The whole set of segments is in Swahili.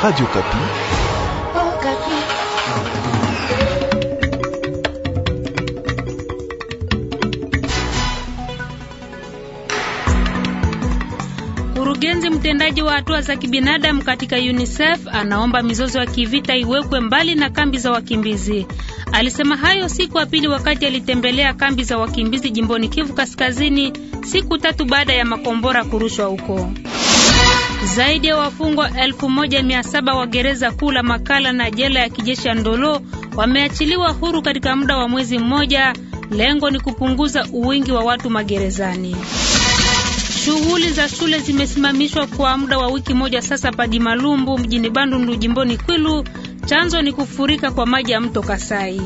Radio Kapi. Oh, Kapi. Mkurugenzi mtendaji wa hatua za kibinadamu katika UNICEF anaomba mizozo ya kivita iwekwe mbali na kambi za wakimbizi. Alisema hayo siku ya pili wakati alitembelea kambi za wakimbizi jimboni Kivu Kaskazini siku tatu baada ya makombora kurushwa huko. Zaidi ya wafungwa 1700 wa gereza kuu la Makala na jela ya kijeshi ya Ndolo wameachiliwa huru katika muda wa mwezi mmoja. Lengo ni kupunguza uwingi wa watu magerezani. Shughuli za shule zimesimamishwa kwa muda wa wiki moja sasa Padimalumbu mjini Bandundu jimboni Kwilu. Chanzo ni kufurika kwa maji ya mto Kasai.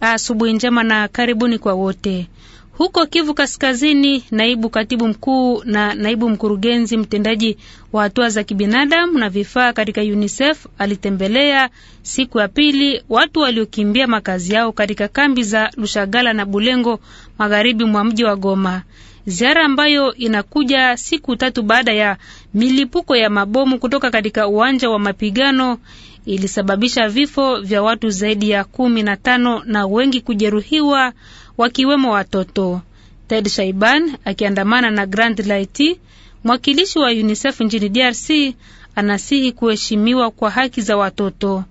Asubuhi njema na karibuni kwa wote. Huko Kivu Kaskazini, naibu katibu mkuu na naibu mkurugenzi mtendaji wa hatua za kibinadamu na vifaa katika UNICEF alitembelea siku ya pili watu waliokimbia makazi yao katika kambi za Lushagala na Bulengo magharibi mwa mji wa Goma, ziara ambayo inakuja siku tatu baada ya milipuko ya mabomu kutoka katika uwanja wa mapigano ilisababisha vifo vya watu zaidi ya kumi na tano na wengi kujeruhiwa wakiwemo watoto. Ted Shaiban akiandamana na Grand Laiti, mwakilishi wa UNICEF nchini DRC, anasihi kuheshimiwa kwa haki za watoto.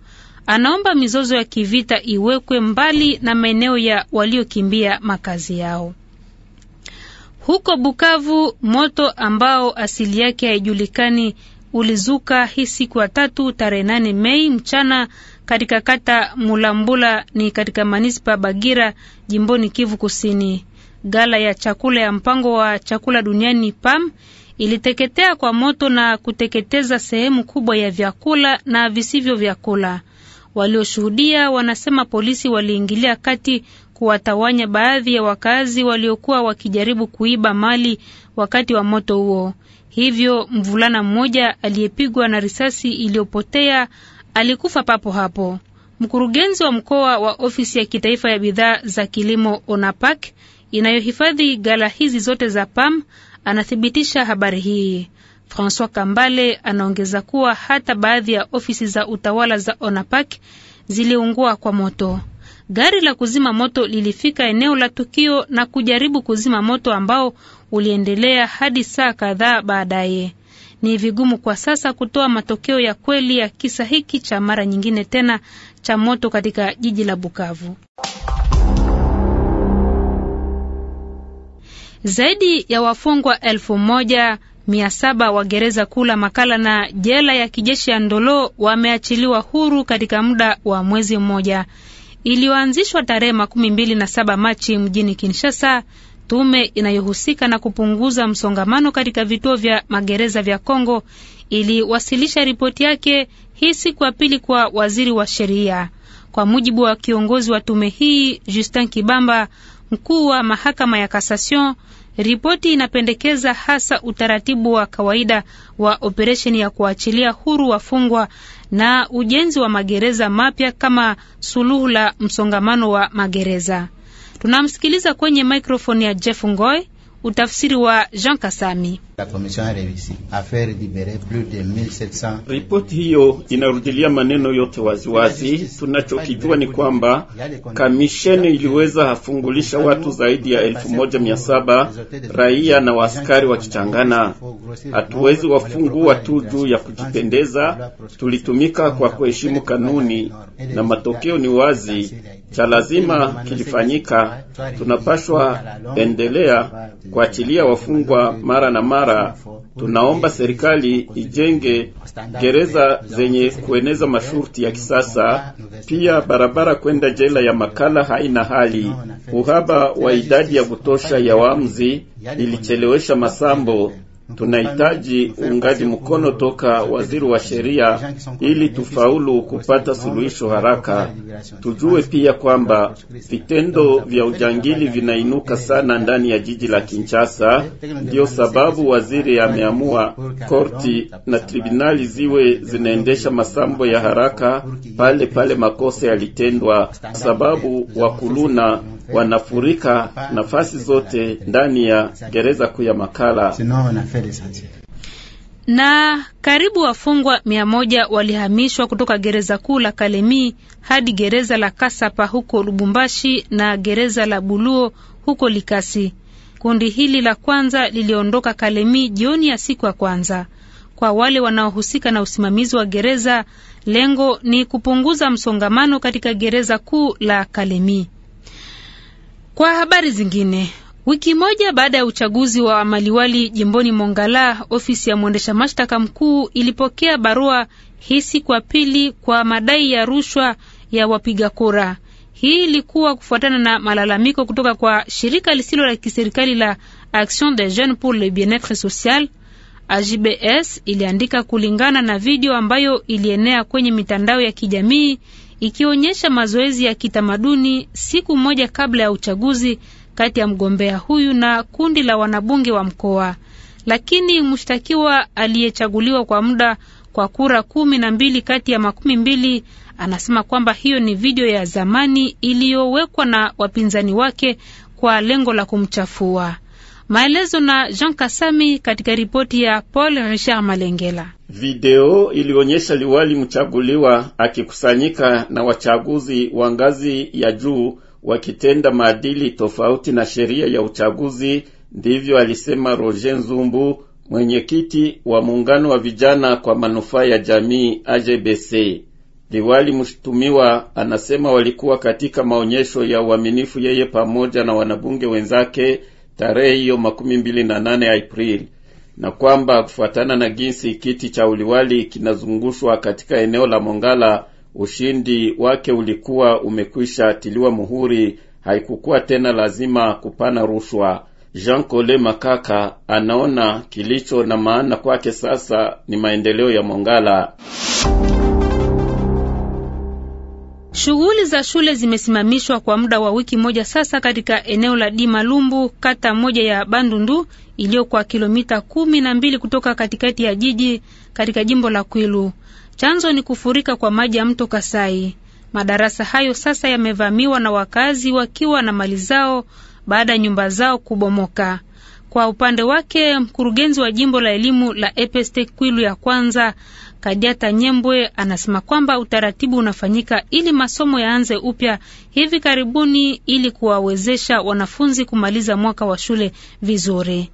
Anaomba mizozo ya kivita iwekwe mbali na maeneo ya waliokimbia makazi yao. Huko Bukavu, moto ambao asili yake haijulikani ulizuka hii siku ya tatu tarehe nane Mei mchana katika kata Mulambula ni katika manispa Bagira jimboni Kivu Kusini. Gala ya chakula ya mpango wa chakula duniani PAM iliteketea kwa moto na kuteketeza sehemu kubwa ya vyakula na visivyo vyakula. Walioshuhudia wanasema polisi waliingilia kati kuwatawanya baadhi ya wakazi waliokuwa wakijaribu kuiba mali wakati wa moto huo. Hivyo mvulana mmoja aliyepigwa na risasi iliyopotea alikufa papo hapo. Mkurugenzi wa mkoa wa ofisi ya kitaifa ya bidhaa za kilimo ONAPAK inayohifadhi gala hizi zote za PAM anathibitisha habari hii. Francois Kambale anaongeza kuwa hata baadhi ya ofisi za utawala za ONAPAK ziliungua kwa moto. Gari la kuzima moto lilifika eneo la tukio na kujaribu kuzima moto ambao uliendelea hadi saa kadhaa baadaye. Ni vigumu kwa sasa kutoa matokeo ya kweli ya kisa hiki cha mara nyingine tena cha moto katika jiji la Bukavu. Zaidi ya wafungwa elfu moja mia saba wa gereza kuu la Makala na jela ya kijeshi ya Ndolo wameachiliwa huru katika muda wa mwezi mmoja iliyoanzishwa tarehe makumi mbili na saba Machi mjini Kinshasa. Tume inayohusika na kupunguza msongamano katika vituo vya magereza vya Kongo iliwasilisha ripoti yake hii siku ya pili kwa waziri wa sheria. Kwa mujibu wa kiongozi wa tume hii Justin Kibamba, mkuu wa mahakama ya Kasasion, ripoti inapendekeza hasa utaratibu wa kawaida wa operesheni ya kuachilia huru wafungwa na ujenzi wa magereza mapya kama suluhu la msongamano wa magereza. Tunamsikiliza kwenye mikrofoni ya Jeff Ngoy, utafsiri wa Jean Kasami. La commission a réussi à faire libérer plus de 1700. Ripoti hiyo inarudilia maneno yote waziwazi. Tunachokijua ni kwamba kamisheni iliweza hafungulisha watu zaidi ya 1700 raia na waaskari wakichangana. Hatuwezi wafungua tu juu ya kujipendeza, tulitumika kwa kuheshimu kanuni na matokeo ni wazi. Cha lazima kilifanyika, tunapashwa endelea kuachilia wafungwa mara na mara barabara. Tunaomba serikali ijenge gereza zenye kueneza masharti ya kisasa. Pia barabara kwenda jela ya Makala haina hali. Uhaba wa idadi ya kutosha ya waamuzi ilichelewesha masambo. Tunahitaji uungaji mkono toka waziri wa sheria ili tufaulu kupata suluhisho haraka. Tujue pia kwamba vitendo vya ujangili vinainuka sana ndani ya jiji la Kinshasa. Ndiyo sababu waziri ameamua korti na tribunali ziwe zinaendesha masambo ya haraka pale pale makosa yalitendwa, sababu wakuluna wanafurika nafasi zote ndani ya gereza kuu ya Makala na karibu wafungwa mia moja walihamishwa kutoka gereza kuu la Kalemi hadi gereza la Kasapa huko Lubumbashi na gereza la Buluo huko Likasi. Kundi hili la kwanza liliondoka Kalemi jioni ya siku ya kwanza. Kwa wale wanaohusika na usimamizi wa gereza, lengo ni kupunguza msongamano katika gereza kuu la Kalemi. Kwa habari zingine, wiki moja baada ya uchaguzi wa maliwali jimboni Mongala, ofisi ya mwendesha mashtaka mkuu ilipokea barua hii siku ya pili kwa madai ya rushwa ya wapiga kura. Hii ilikuwa kufuatana na malalamiko kutoka kwa shirika lisilo la kiserikali la Action des Jeunes pour le bien Social AJBS iliandika kulingana na video ambayo ilienea kwenye mitandao ya kijamii ikionyesha mazoezi ya kitamaduni siku moja kabla ya uchaguzi kati ya mgombea huyu na kundi la wanabunge wa mkoa. Lakini mshtakiwa aliyechaguliwa kwa muda kwa kura kumi na mbili kati ya makumi mbili anasema kwamba hiyo ni video ya zamani iliyowekwa na wapinzani wake kwa lengo la kumchafua. Maelezo na Jean Kasami katika ripoti ya Paul Richard Malengela. Video ilionyesha liwali mchaguliwa akikusanyika na wachaguzi wa ngazi ya juu wakitenda maadili tofauti na sheria ya uchaguzi, ndivyo alisema Roger Nzumbu, mwenyekiti wa muungano wa vijana kwa manufaa ya jamii agbc Liwali mshutumiwa anasema walikuwa katika maonyesho ya uaminifu, yeye pamoja na wanabunge wenzake tarehe hiyo makumi mbili na nane Aprili, na kwamba kufuatana na jinsi kiti cha uliwali kinazungushwa katika eneo la Mongala, ushindi wake ulikuwa umekwisha tiliwa muhuri, haikukuwa tena lazima kupana rushwa. Jean Cole Makaka anaona kilicho na maana kwake sasa ni maendeleo ya Mongala. Shughuli za shule zimesimamishwa kwa muda wa wiki moja sasa katika eneo la di malumbu kata moja ya Bandundu iliyo kwa kilomita kumi na mbili kutoka katikati ya jiji katika jimbo la Kwilu. Chanzo ni kufurika kwa maji ya mto Kasai. Madarasa hayo sasa yamevamiwa na wakazi wakiwa na mali zao baada ya nyumba zao kubomoka. Kwa upande wake mkurugenzi wa jimbo la elimu la EPST Kwilu ya kwanza Kadiata Nyembwe anasema kwamba utaratibu unafanyika ili masomo yaanze upya hivi karibuni ili kuwawezesha wanafunzi kumaliza mwaka wa shule vizuri.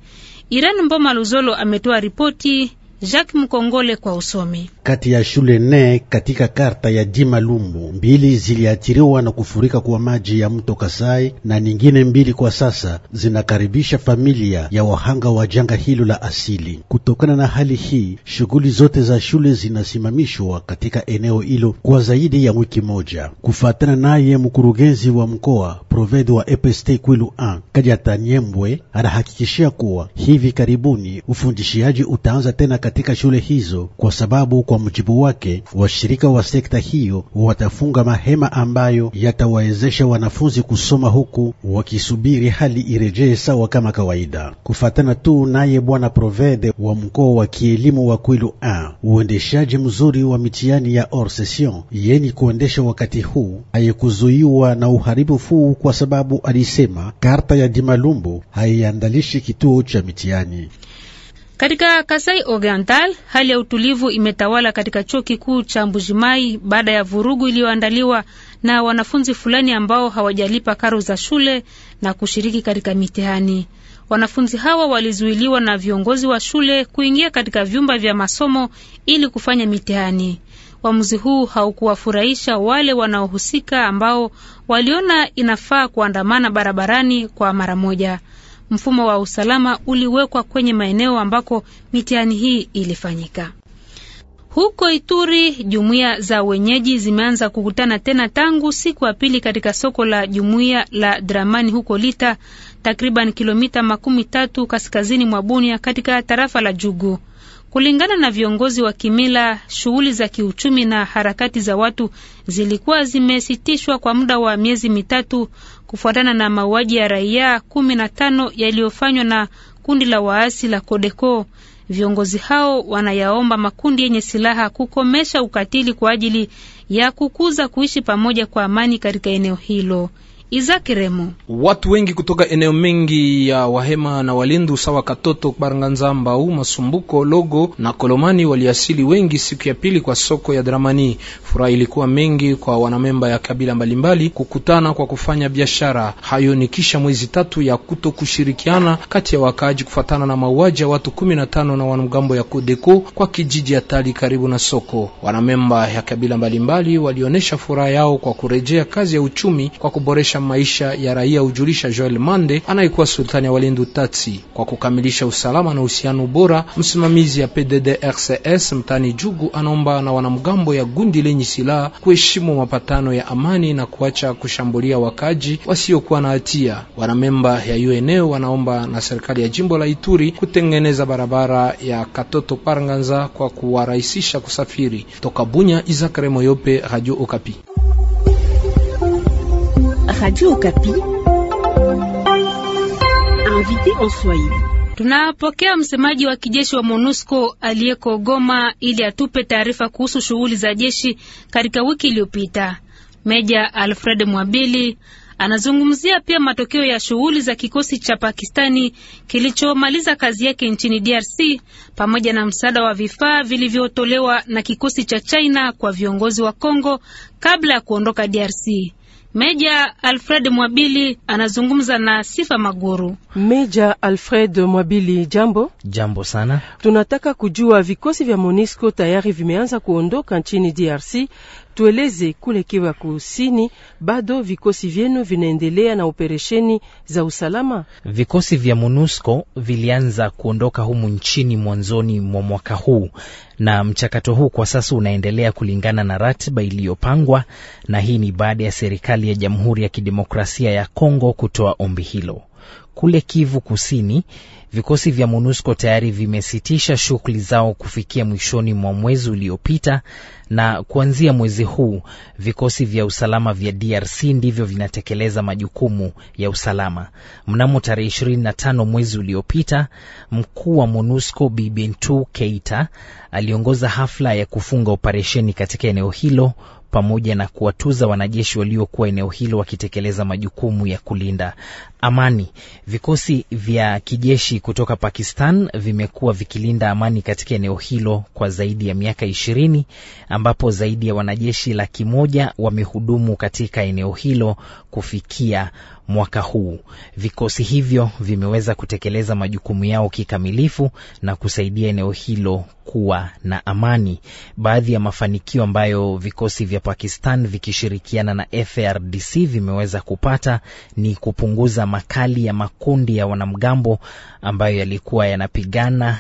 Irene Mboma Luzolo ametoa ripoti Jacques Mkongole kwa usomi. Kati ya shule nne katika karta ya Jima Lumbu, mbili ziliathiriwa na kufurika kwa maji ya mto Kasai na nyingine mbili kwa sasa zinakaribisha familia ya wahanga wa janga hilo la asili. Kutokana na hali hii, shughuli zote za shule zinasimamishwa katika eneo hilo kwa zaidi ya wiki moja. Kufuatana naye mkurugenzi wa mkoa Proved wa EPST Kwilu A Kajata Nyembwe anahakikishia kuwa hivi karibuni ufundishiaji utaanza tena katika shule hizo, kwa sababu kwa mujibu wake washirika wa sekta hiyo watafunga mahema ambayo yatawawezesha wanafunzi kusoma huku wakisubiri hali irejee sawa kama kawaida. Kufatana tu naye bwana Provede wa mkoa wa kielimu wa Kwilu A, uendeshaji mzuri wa mitihani ya or session yeni kuendesha wakati huu ayekuzuiwa na uharibu fuu kwa sababu alisema karta ya Dimalumbu haiandalishi kituo cha mitihani. Katika Kasai Oriental hali ya utulivu imetawala katika chuo kikuu cha Mbujimai baada ya vurugu iliyoandaliwa na wanafunzi fulani ambao hawajalipa karo za shule na kushiriki katika mitihani. Wanafunzi hawa walizuiliwa na viongozi wa shule kuingia katika vyumba vya masomo ili kufanya mitihani. Uamuzi huu haukuwafurahisha wale wanaohusika ambao waliona inafaa kuandamana barabarani kwa mara moja. Mfumo wa usalama uliwekwa kwenye maeneo ambako mitihani hii ilifanyika. Huko Ituri, jumuiya za wenyeji zimeanza kukutana tena tangu siku ya pili katika soko la jumuiya la Dramani huko Lita, takriban kilomita makumi tatu kaskazini mwa Bunia katika tarafa la Jugu. Kulingana na viongozi wa kimila, shughuli za kiuchumi na harakati za watu zilikuwa zimesitishwa kwa muda wa miezi mitatu kufuatana na mauaji ya raia kumi na tano yaliyofanywa na kundi la waasi la Kodeko. Viongozi hao wanayaomba makundi yenye silaha kukomesha ukatili kwa ajili ya kukuza kuishi pamoja kwa amani katika eneo hilo. Isaac Remo. Watu wengi kutoka eneo mengi ya Wahema na walindu sawa Katoto, Baranganzamba mbau Masumbuko, Logo na Kolomani waliasili wengi siku ya pili kwa soko ya Dramani. Furaha ilikuwa mengi kwa wanamemba ya kabila mbalimbali kukutana kwa kufanya biashara. Hayo ni kisha mwezi tatu ya kuto kushirikiana kati ya wakaaji kufatana na mauaji ya watu kumi na tano na wanamgambo ya Kodeko kwa kijiji ya Tali karibu na soko. Wanamemba ya kabila mbalimbali walionyesha furaha yao kwa kurejea kazi ya uchumi kwa kuboresha kuboresha maisha ya raia, hujulisha Joel Mande anayekuwa sultani wa Walendu Tatsi. Kwa kukamilisha usalama na uhusiano bora, msimamizi ya PDDRCS mtani Jugu anaomba na wanamgambo ya gundi lenye silaha kuheshimu mapatano ya amani na kuacha kushambulia wakaji wasiokuwa na hatia. Wanamemba ya UNO wanaomba na serikali ya jimbo la Ituri kutengeneza barabara ya Katoto Paranganza kwa kuwarahisisha kusafiri toka Bunya. Izakare Moyope, Radio Okapi. Radio Okapi. Invité en Swahili. Tunapokea msemaji wa kijeshi wa MONUSCO aliyeko Goma ili atupe taarifa kuhusu shughuli za jeshi katika wiki iliyopita. Meja Alfred Mwabili anazungumzia pia matokeo ya shughuli za kikosi cha Pakistani kilichomaliza kazi yake nchini DRC pamoja na msaada wa vifaa vilivyotolewa na kikosi cha China kwa viongozi wa Kongo kabla ya kuondoka DRC. Meja Alfred Mwabili anazungumza na Sifa Maguru. Meja Alfred Mwabili, jambo. Jambo sana. Tunataka kujua vikosi vya MONUSCO tayari vimeanza kuondoka nchini DRC. Tueleze kule Kivu Kusini, bado vikosi vyenu vinaendelea na operesheni za usalama? Vikosi vya MONUSCO vilianza kuondoka humu nchini mwanzoni mwa mwaka huu na mchakato huu kwa sasa unaendelea kulingana na ratiba iliyopangwa, na hii ni baada ya serikali ya Jamhuri ya Kidemokrasia ya Kongo kutoa ombi hilo kule Kivu Kusini, vikosi vya MONUSCO tayari vimesitisha shughuli zao kufikia mwishoni mwa mwezi uliopita, na kuanzia mwezi huu vikosi vya usalama vya DRC ndivyo vinatekeleza majukumu ya usalama. Mnamo tarehe tano mwezi uliopita, mkuu wa MONUSCO Bibentu Keita aliongoza hafla ya kufunga operesheni katika eneo hilo pamoja na kuwatuza wanajeshi waliokuwa eneo hilo wakitekeleza majukumu ya kulinda amani. Vikosi vya kijeshi kutoka Pakistan vimekuwa vikilinda amani katika eneo hilo kwa zaidi ya miaka ishirini ambapo zaidi ya wanajeshi laki moja wamehudumu katika eneo hilo kufikia mwaka huu. Vikosi hivyo vimeweza kutekeleza majukumu yao kikamilifu na kusaidia eneo hilo kuwa na amani. Baadhi ya mafanikio ambayo vikosi vya Pakistan vikishirikiana na FARDC vimeweza kupata ni kupunguza makali ya makundi ya wanamgambo ambayo yalikuwa yanapigana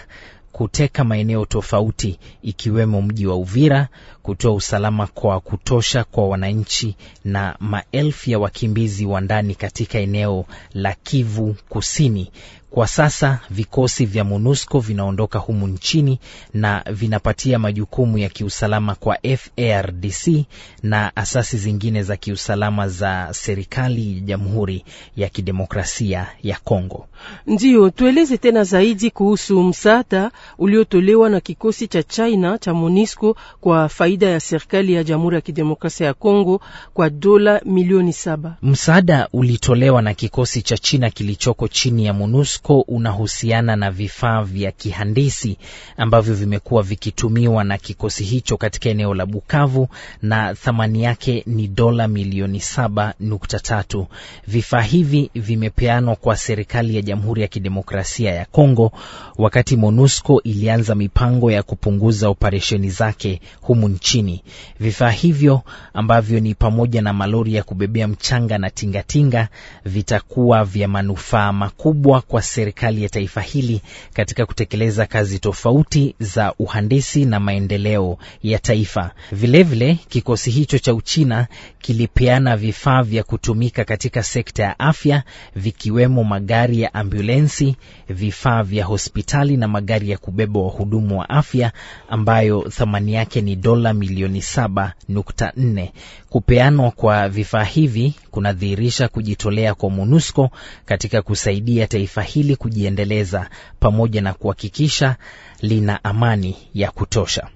kuteka maeneo tofauti ikiwemo mji wa Uvira, kutoa usalama kwa kutosha kwa wananchi na maelfu ya wakimbizi wa ndani katika eneo la Kivu Kusini. Kwa sasa vikosi vya MONUSCO vinaondoka humu nchini na vinapatia majukumu ya kiusalama kwa FARDC na asasi zingine za kiusalama za serikali ya Jamhuri ya Kidemokrasia ya Kongo. Ndiyo, tueleze tena zaidi kuhusu msaada uliotolewa na kikosi cha China cha MONUSCO kwa faida faida ya serikali ya Jamhuri ya Kidemokrasia ya Kongo kwa dola milioni saba. Msaada ulitolewa na kikosi cha China kilichoko chini ya MONUSCO unahusiana na vifaa vya kihandisi ambavyo vimekuwa vikitumiwa na kikosi hicho katika eneo la Bukavu na thamani yake ni dola milioni saba nukta tatu. Vifaa hivi vimepeanwa kwa serikali ya Jamhuri ya Kidemokrasia ya Kongo wakati MONUSCO ilianza mipango ya kupunguza operesheni zake humu nchini chini. Vifaa hivyo ambavyo ni pamoja na malori ya kubebea mchanga na tingatinga vitakuwa vya manufaa makubwa kwa serikali ya taifa hili katika kutekeleza kazi tofauti za uhandisi na maendeleo ya taifa. Vilevile vile, kikosi hicho cha Uchina kilipeana vifaa vya kutumika katika sekta ya afya vikiwemo magari ya ambulensi, vifaa vya hospitali na magari ya kubeba wahudumu wa afya ambayo thamani yake ni dola milioni 7.4. Kupeanwa kwa vifaa hivi kunadhihirisha kujitolea kwa MONUSCO katika kusaidia taifa hili kujiendeleza pamoja na kuhakikisha lina amani ya kutosha.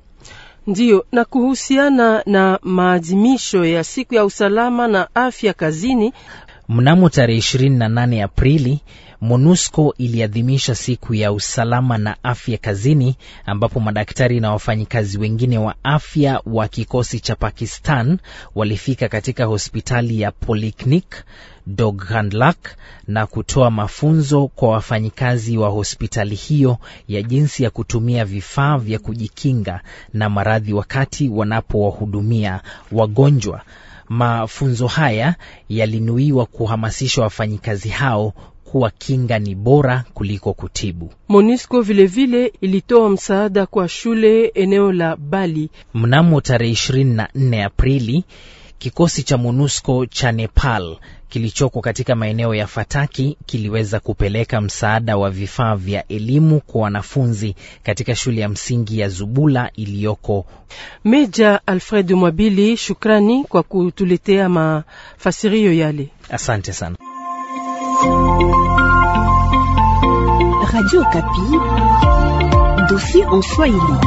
Ndiyo, na kuhusiana na maadhimisho ya siku ya usalama na afya kazini, Mnamo tarehe 28 Aprili, MONUSCO iliadhimisha siku ya usalama na afya kazini, ambapo madaktari na wafanyikazi wengine wa afya wa kikosi cha Pakistan walifika katika hospitali ya Poliknik Doghandlak na kutoa mafunzo kwa wafanyikazi wa hospitali hiyo ya jinsi ya kutumia vifaa vya kujikinga na maradhi wakati wanapowahudumia wagonjwa. Mafunzo haya yalinuiwa kuhamasisha wafanyikazi hao kuwa kinga ni bora kuliko kutibu. Monisco vilevile ilitoa msaada kwa shule eneo la Bali mnamo tarehe 24 Aprili. Kikosi cha MONUSCO cha Nepal kilichoko katika maeneo ya Fataki kiliweza kupeleka msaada wa vifaa vya elimu kwa wanafunzi katika shule ya msingi ya Zubula iliyoko. Meja Alfred Mwabili, shukrani kwa kutuletea mafasirio yale, asante sana. Radio Kapi, en Swahili.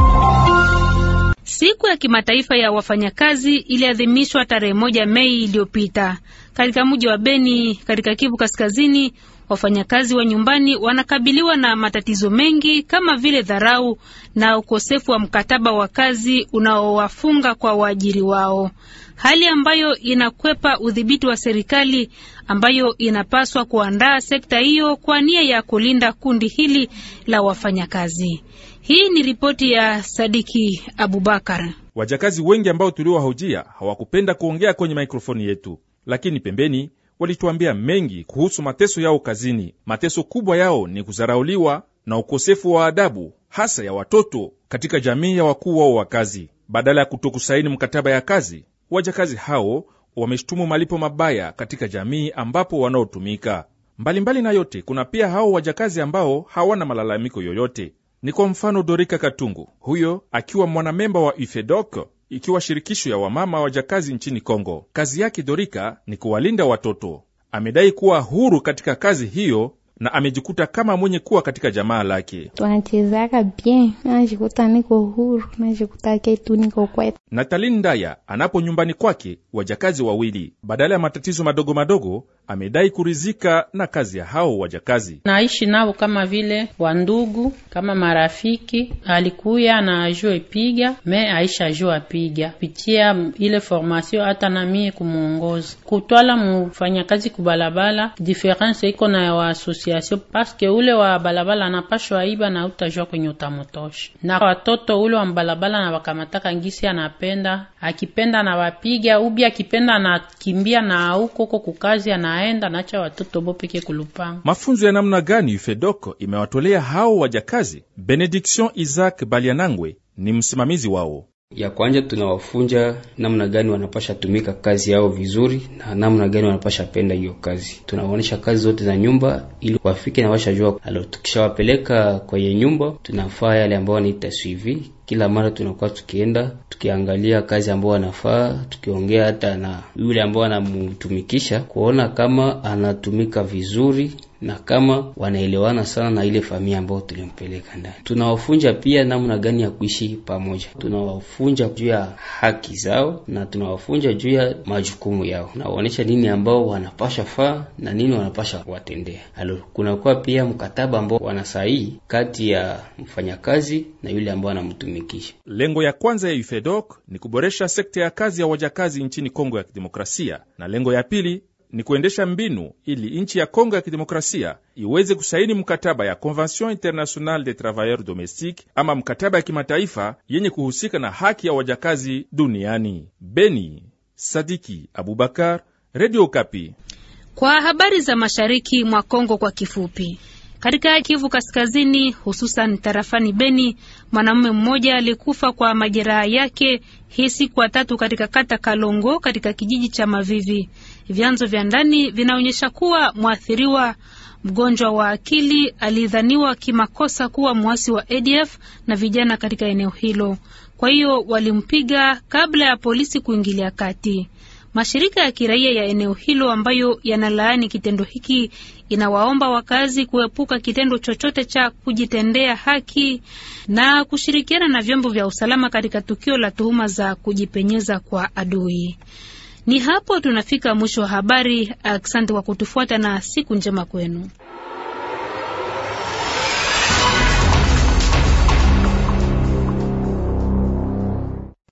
Siku ya kimataifa ya wafanyakazi iliadhimishwa tarehe moja Mei iliyopita katika mji wa Beni katika Kivu Kaskazini. Wafanyakazi wa nyumbani wanakabiliwa na matatizo mengi kama vile dharau na ukosefu wa mkataba wa kazi unaowafunga kwa waajiri wao, hali ambayo inakwepa udhibiti wa serikali ambayo inapaswa kuandaa sekta hiyo kwa nia ya kulinda kundi hili la wafanyakazi. Hii ni ripoti ya Sadiki Abubakar. Wajakazi wengi ambao tuliwahojia hawakupenda kuongea kwenye mikrofoni yetu, lakini pembeni walituambia mengi kuhusu mateso yao kazini. Mateso kubwa yao ni kuzarauliwa na ukosefu wa adabu, hasa ya watoto katika jamii ya wakuu wao wa kazi. Badala ya kutokusaini mkataba ya kazi, wajakazi hao wameshutumu malipo mabaya katika jamii ambapo wanaotumika. Mbalimbali na yote, kuna pia hao wajakazi ambao hawana malalamiko yoyote. Ni kwa mfano Dorika Katungu, huyo akiwa mwanamemba wa UFEDOK ikiwa shirikisho ya wamama wajakazi nchini Kongo. Kazi yake Dorika ni kuwalinda watoto. Amedai kuwa huru katika kazi hiyo na amejikuta kama mwenye kuwa katika jamaa lake. Tunachezaka bien, najikuta niko huru, najikuta ketu niko kwetu. Natalin Ndaya anapo nyumbani kwake wajakazi wawili, badala ya matatizo madogo madogo amedai kurizika na kazi ya hao wajakazi. Naishi nao kama vile wandugu, kama marafiki. Alikuya na ajue piga me aisha ajue apiga pitia ile formation, hata na mie kumuongoza kutwala mufanyakazi kubalabala. Diferense iko na wa asosiasio paske ule wa balabala anapashwa iba na utajua kwenye utamotoshi na watoto ule wa mbalabala na wakamataka ngisi anapenda, akipenda na wapiga ubi, akipenda na kimbia na huko huko kukazi ana naenda nacha watoto bo peke kulupanga. Mafunzo ya namna gani Ufedoko imewatolea hao wajakazi? Benediction Isaac Balianangwe ni msimamizi wao. Ya kwanza tunawafunja namna gani wanapasha tumika kazi yao vizuri na namna gani wanapasha penda hiyo kazi. Tunawaonyesha kazi zote za nyumba ili wafike na washajua. Alo, tukishawapeleka kwenye nyumba, tunafaa yale ambao wanaita swivi. Kila mara tunakuwa tukienda tukiangalia kazi ambao wanafaa, tukiongea hata na yule ambao anamutumikisha kuona kama anatumika vizuri na kama wanaelewana sana na ile familia ambayo tulimpeleka ndani. Tunawafunja pia namna gani ya kuishi pamoja, tunawafunja juu ya haki zao na tunawafunja juu ya majukumu yao, nawaonyesha nini ambao wanapasha faa na nini wanapasha watendea. Halo, kunakuwa pia mkataba ambao wanasahii kati ya mfanyakazi na yule ambao anamtumikisha. Lengo ya kwanza ya UFEDOC ni kuboresha sekta ya kazi ya wajakazi nchini Kongo ya Kidemokrasia, na lengo ya pili ni kuendesha mbinu ili nchi ya Kongo ya Kidemokrasia iweze kusaini mkataba ya Convention Internationale des Travailleurs Domestiques ama mkataba ya kimataifa yenye kuhusika na haki ya wajakazi duniani. Beni, Sadiki Abubakar, Radio Kapi. Kwa habari za mashariki mwa Kongo kwa kifupi. Katika Kivu Kaskazini, hususan tarafani Beni, mwanamume mmoja alikufa kwa majeraha yake hii siku ya tatu katika kata Kalongo katika kijiji cha Mavivi. Vyanzo vya ndani vinaonyesha kuwa mwathiriwa mgonjwa wa akili alidhaniwa kimakosa kuwa mwasi wa ADF na vijana katika eneo hilo, kwa hiyo walimpiga kabla ya polisi kuingilia kati. Mashirika ya kiraia ya eneo hilo ambayo yanalaani kitendo hiki inawaomba wakazi kuepuka kitendo chochote cha kujitendea haki na kushirikiana na vyombo vya usalama katika tukio la tuhuma za kujipenyeza kwa adui. Ni hapo tunafika mwisho wa habari. Asante kwa kutufuata na siku njema kwenu.